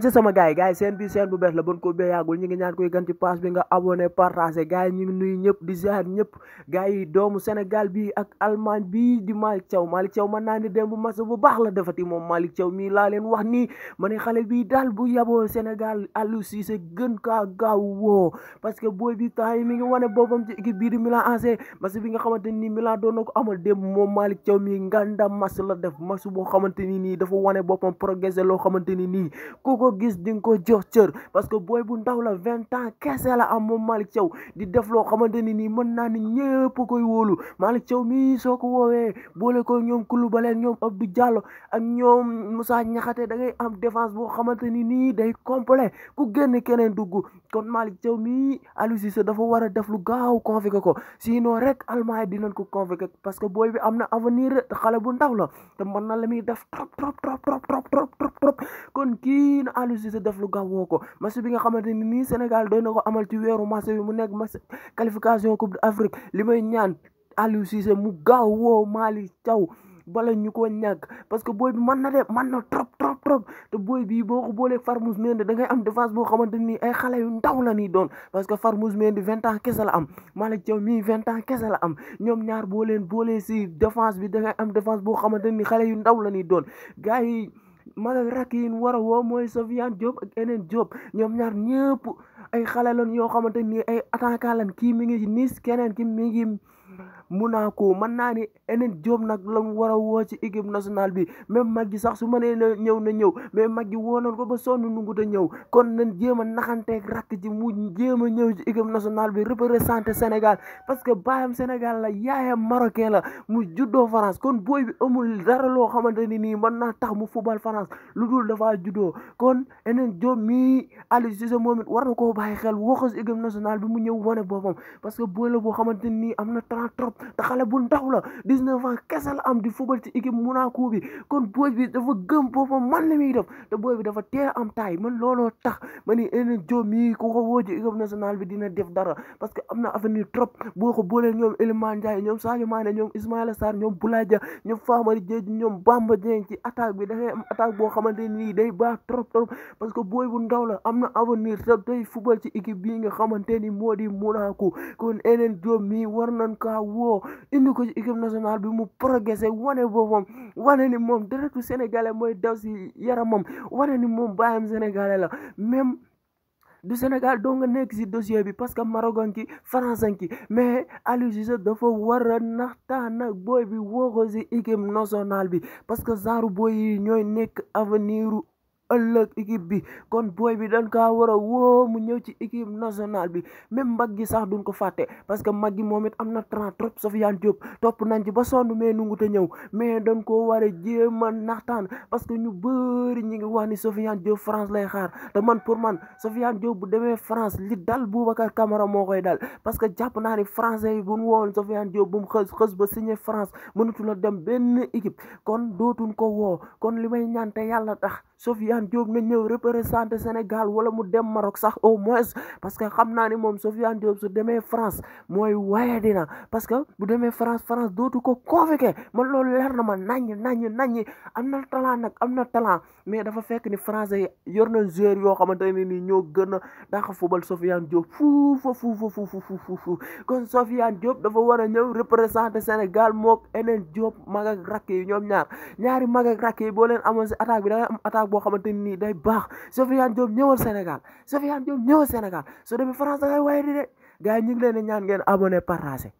ci sama gars yi seen bi seen bu bees la bon ko bee yàggul ñi ngi ñaan koy gën ci page bi nga abonné partagé gars yi ngi nuy ñëpp di ziar ñëpp doomu Sénégal bi ak Allemagne bi di malik ciow malik ciow man naa dem bu masa bu baax la defati mom malik ciow mi la leen wax ni mané xalé bi dal bu yabo Sénégal ci se gën ka gaaw wo parce que boy bi mi ngi wane boppam ci équipe bi di Milan AC massa bi nga xamanteni Milan do nako amal dem mom malik ciow mi nganda massa la def massa bo xamanteni ni dafa wane bopam progresser lo xamanteni ni nii ko gis di ko jox cër parce que booy bu ndaw la vingt ans kese la am moom Malick Thiaw di def loo xamante ni nii mën naa ni ñëpp koy wóolu Malick Thiaw mii soo ko woowee boole ko ñoom Koulibaly ñoom Abdou Diallo ak ñoom Moussa Niakhaté da ngay am défense boo xamante ni nii day complet ku génn keneen dugg kon Malick Thiaw mii Aliou Cissé dafa war a def lu gaaw convoqué ko si sinon rek Allemagne dinañ ko convoqué parce que booy bi am na avenir xale bu ndaw la te mën na la muy def Aliou Cissé def lu gàwwoo ko match bi nga xamante ni nii Sénégal doon na ko amal ci weeru mars bi mu nekk match qualification coupe d'Afrique li may ñaan Aliou Cissé mu gaaw woo Malick Thiaw bala ñu ko ñàkk parce que booy bi mën na de mën na trop trop trop te booy bii boo ko boolee Formose Mendy da ngay am défense boo xamante ni ay xale yu ndaw la ni doon parce que Formose Mendy vingt ans kese la am Malick Thiaw mii vingt ans kese la am ñoom ñaar boo leen boolee si défense bi da am défense boo xamante ni xale yu ndaw la ni doon maanaam rakk yi war a woo mooy Sofiane Diop ak Enen Diop ñoom ñaar ñëpp ay xale lañ yoo xamante ni ay attaquant lañ kii mi ngi ci Nice keneen ki mi ngi. Monaco mën naa ni Enen Diop nag la mu war a woo ci équipe nationale bi même Maggi sax su mënee na ñëw na ñëw mais Maggi woonoon ko ba sonn nungut a ñëw kon na jéem a naxanteeg rakk ci mu jéem a ñëw ci équipe nationale bi représenté Sénégal parce que baayam Sénégal la yaayam marocain la mu juddoo France kon booy bi amul dara loo xamante ni nii mën naa tax mu football France lu dul dafa juddoo kon Enen Diop mii Aliou si moom it war na koo bàyyi xel waxu équipe nationale bi mu ñëw wane boppam parce que booy boo xamante ni am na temps trop te xale bu ndaw la 19 ans kese la am di football ci équipe Monaco bi kon boy bi dafa gëm boppam man li muy def te bi dafa teel am taay man looloo tax ma ni Elen Diop mii ku ko woo ci équipe nationale bi dina def dara parce que am boo ko boolee ñoom Iliman Ndiaye ñoom Sadio Mané ñoom Ismaïla bu ndaw la am na avenir te day football ci équipe bii nga war nañ kaa woo woo indi ko ci équipe nationale bi mu progressé wane boppam wane ni moom deretu sénégalais mooy daw si yaramam wane ni moom baayam sénégalais la même du Sénégal doo nekk si dossier bi parce que Marocain ki français ki mais Aliou Cissé dafa war a naxtaan ak booy bi woo ko ci équipe bi parce que genre booy yi nekk avenir ëllëg équipe bi kon booy bi dañ kaa war a woo mu ñëw ci équipe nationale bi même mag gi sax duñ ko fàtte parce que mag gi moom it am na temps trop Sofiane Diop topp nañ ci ba sonn mais nungu a ñëw mais dañ koo war a jéem a naxtaan parce que ñu bëri ñi ngi wax ni Sofiane Diop France lay xaar te man pour man Sofiane Diop bu demee France li dal Boubacar Camara moo koy dal parce que jàpp naa ni français yi bu ñu woon Sofiane Diop bu mu xës xës ba signé France mënatu la dem benn équipe kon dootuñ ko woo yàlla tax Sofiane Diop na ñëw représenté Sénégal wala mu dem Maroc sax au moins parce que xam naa ne moom Sofiane Diop su demee France mooy waaye dina parce que bu demee France France dootu ko ko man loolu leer na ma naññ naññ naññ am na talent nag am na talent mais dafa fekk ni français yor na joueur yoo xamante ne nii ñoo gën a dàq football Sofiane Diop fuufa fuufa fuufa fuufa kon Sofiane Diop dafa war a ñëw représenté Sénégal mook eneen Diop mag ak rakk yi ñoom ñaar ñaari mag ak boo leen amoon si attaque bi da boo xamante ni day baax Sofiane Diop ñëwal Sénégal Sofiane Diop ñëwal Sénégal soo demee France da ngay waaye di de gars yi ñu ngi leen di ñaan ngeen abonné partagé